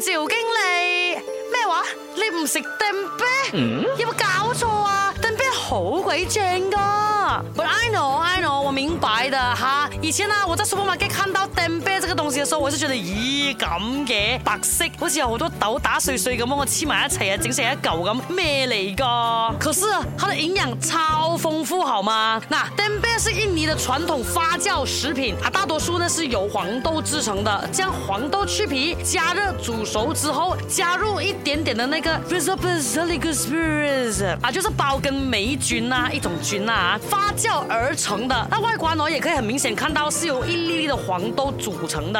趙經理，咩話？你唔食燉啤？嗯，有冇搞錯啊？燉啤好鬼正噶、啊。But I know, I know，我明白的哈。以前啊我在 supermarket 看到燉啤。似時時候我是覺，我菜出得咦咁嘅白色，好似有好多豆打碎碎咁，我黐埋一齊啊，整成一嚿咁咩嚟噶？可是它的營養超豐富，好嗎？那 tempeh 是印尼的傳統發酵食品啊，大多數呢是由黃豆製成的，將黃豆去皮、加熱煮熟之後，加入一點點的那個 bacteria 啊，就是包跟霉菌啊，一種菌啊發酵而成的。那外觀呢，也可以很明顯看到，是由一粒粒的黃豆組成的。